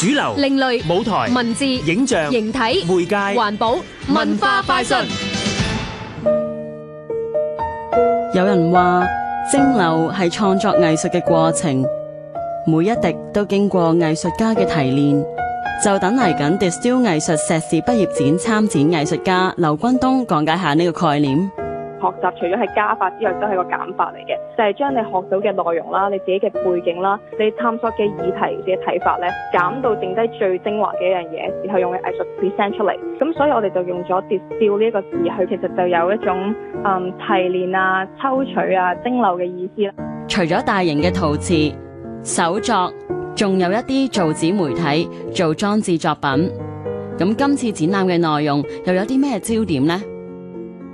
主流、另類舞台、文字、影像、形體、媒介、環保、文化快訊。有人話，蒸餾係創作藝術嘅過程，每一滴都經過藝術家嘅提煉。就等嚟緊，Distill 藝術碩士畢業展參展藝術家劉君東講解下呢個概念。學習除咗係加法之外，都係個減法嚟嘅，就係、是、將你學到嘅內容啦、你自己嘅背景啦、你探索嘅議題、自己睇法咧，減到剩低最精華嘅一樣嘢，然後用嘅藝術 present 出嚟。咁所以我哋就用咗 discard 呢一個字，佢其實就有一種嗯提煉啊、抽取啊、蒸餾嘅意思啦。除咗大型嘅陶瓷手作，仲有一啲造紙媒體做裝置作品。咁今次展覽嘅內容又有啲咩焦點呢？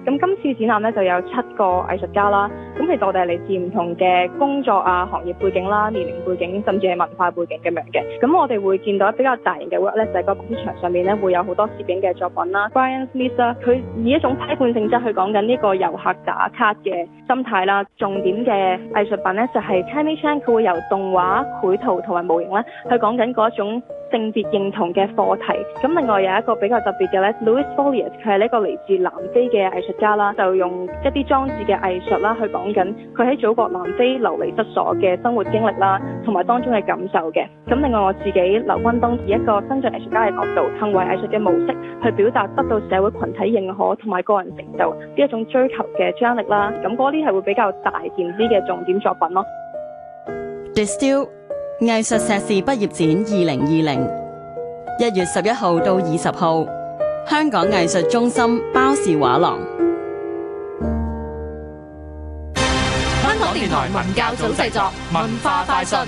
咁今次展覽咧就有七個藝術家啦，咁其實我哋係嚟自唔同嘅工作啊、行業背景啦、啊、年齡背景，甚至係文化背景咁樣嘅。咁我哋會見到比較大型嘅 work 咧，就係、是、個工場上面咧會有好多攝影嘅作品啦。Brian Smith 啦，佢以一種批判性質去講緊呢個遊客打卡嘅心態啦。重點嘅藝術品咧就係 Himmy Chan，佢會由動畫、繪圖同埋模型咧去講緊嗰一種。性別認同嘅課題，咁另外有一個比較特別嘅咧，Louis Foliot 佢係一個嚟自南非嘅藝術家啦，就用一啲裝置嘅藝術啦，去講緊佢喺祖國南非流離失所嘅生活經歷啦，同埋當中嘅感受嘅。咁另外我自己，劉君東以一個新晉藝術家嘅角度，行為藝術嘅模式去表達得到社會群體認可同埋個人成就呢一種追求嘅張力啦，咁嗰啲係會比較大件啲嘅重點作品咯。 藝術碩士畢業展二零二零一月十一號到二十號，香港藝術中心包氏畫廊。香港電台文教組製作文化快訊。